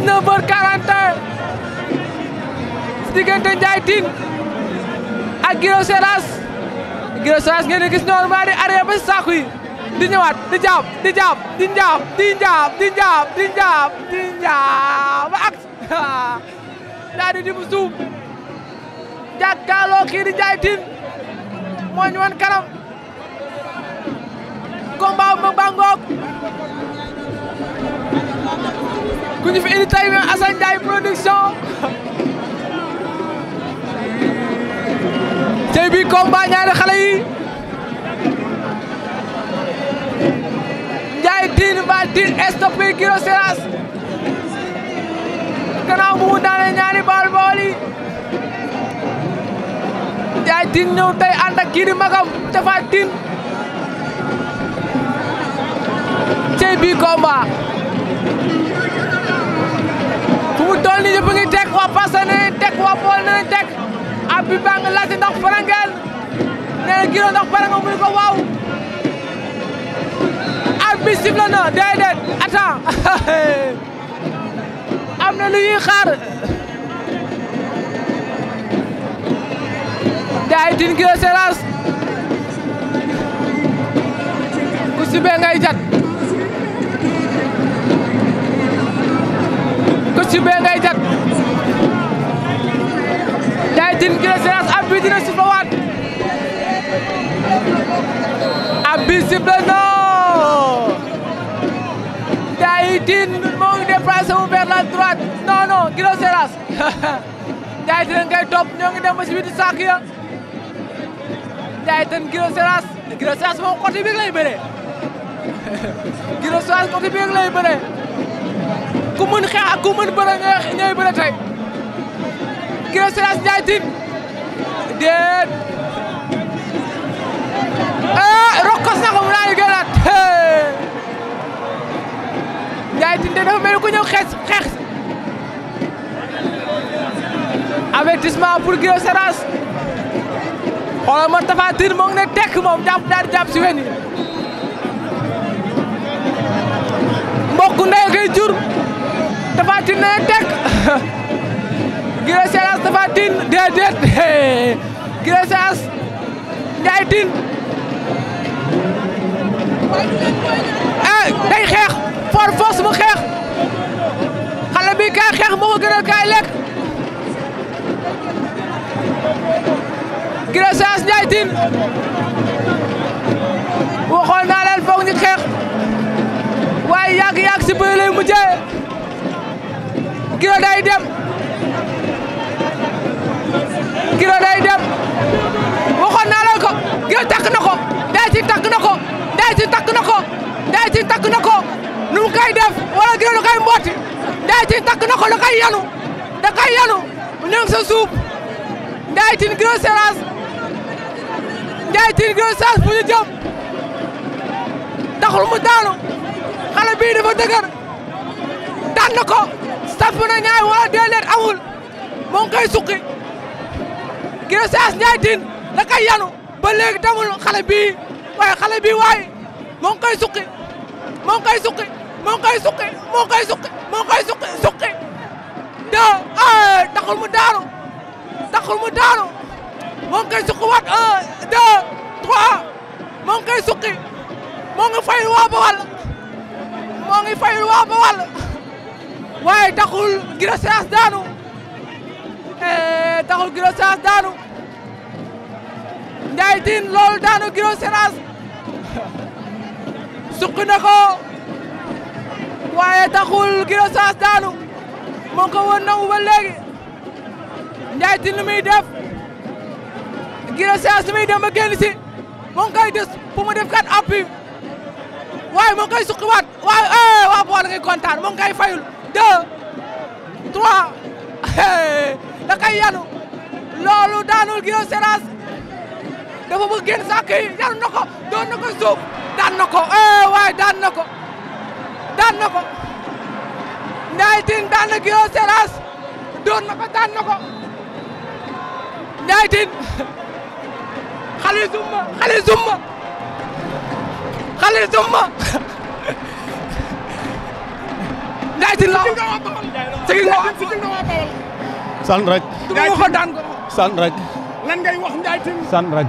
dix-neuf heures quarante et un diggante Ndiaye Tine ak Guiro Seras Guiro Seras ngeen di gis noonu ba si di ñëwaat di jaab di jaab di njaab di njaab di njaab di njaab di njaab ak daal di dibu suuf jàkkaarloo di Ndiaye Tine wan kanam combat ba bangoog ku ñu fi indi tey mooy Assane Ndiaye production bii combat ñaari xale yi Ndiaye diin ba diin stoppé Guiro mu daane ñaari baal bool yi diin ñëw tey ànd ak kii di magam Tapha Tine tey bii combat. fu toll nii ñëpp ngi teg waa Passe nañ teg waa Pool nañ teg ab bi baa ngi laajte ndax pare ko waaw. arbitre bi sifflé na déedéet attends am na lu ñuy xaar. daay din Guiro Seras ku si ngay jat ci bee ngay jag Tyson Gris Seras ab bi dina sifflé waat ab bi sifflé na Tyson moo ngi déplacé wu vers la droite non non Gris Seras Tyson ngay topp ñoo ngi dem lay bëree Gris Seras côté bi lay bëree ku mën xeex ak ku mën bëre ñooy bëre tey Kiré Seras Ndiaye Tine déet ah eh, rokkos na ko mu daal di gënaat Ndiaye Tine de dafa mel ni ku ñëw xeex xeex avertissement pour Kiré Seras xoolal man Tapha Tine moo ngi ne moom jàpp daal si wen yi mbokk ndey koy jur. gressage Ndiaye Tine eh, day xeex for force mu xeex xale kaay xeex moo ko gënal kaay lekk gressage Ndiaye Tine waxoon naa leen foog ñu xeex waaye yàgg-yàgg si bëri lay mujjee dem takk na ko day ci takk na ko day ci takk na ko day ci takk na ko nu mu koy def wala gën lu koy mbooti day ci takk na ko lu koy yanu da koy yanu ne sa suuf day ci grosse séance day ci grosse séance bu ñu jëm taxul mu daanu xale bii dafa dëgër daan na ko saf na ñaay wala déedéet amul moo ngi koy suqi grosse séance day ci la koy yanu. ba léegi demul xale bii waaye xale bii waaye moo ngi koy suqi moo ngi koy suqi moo ngi koy suqi moo ngi koy daanu taxul daanu moo ngi koy suqi waat un deux trois moo ngi koy suqi moo waa ba wàll moo ngi fayul waa ba wàll waaye taxul Guiro Séras daanu eh, taxul Guiro Séras daanu Ndiaye Tine loolu daanu Guiro Seras suqi ko waaye taxul Guiro Seras daanu moo ko woon nangu ba léegi Ndiaye Tine lu muy def Guiro Seras lu muy dem ba génn si mu ngi def kat appui waaye mu ngi koy suqiwaat waaye eh, waa bool ngay kontaan mu ngi fayul deux trois da koy yanu loolu daanul Guiro Seras. dafa bëgg génn saako yi yar na doon na ko daan na ko eh, waaye daan na daan na ko Ndiaye Tine daan na Guiro Seras doon na ko daan na ko Ndiaye Tine xale zumba xale zumba xale zumba Ndiaye Tine la sant rek. sant rek. lan ngay wax Ndiaye Tine sant rek.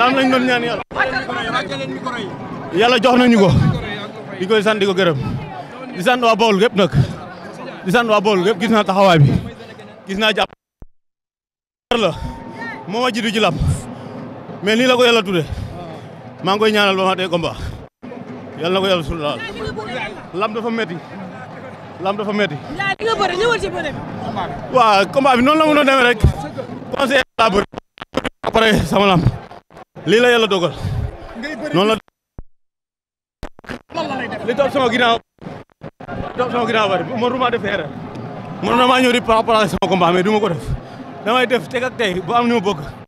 ndam lañ doon ñaan yàlla. yàlla jox nañu ko. di koy sant di ko gërëm. di sant waa Bawol gépp nag. di sant waa Bawol gépp gis naa taxawaay bi. gis naa jàpp. la moo ji jiitu ci lam mais nii la ko yàlla tudde maa ngi koy ñaanal ba ma dee combat yàlla na ko yàlla suul daal lam dafa metti lam dafa metti waaw combat bi noonu la mënoon demee rek conseil la bëri après sama lam lii la yàlla dogal. noonu la. li topp sama ginnaaw li topp sama ginnaaw bari man du ma def erreur. man damaa ñëw di préparer sama combat mais du ma ko def damay def teg ak tey bu am ni ma bëgg.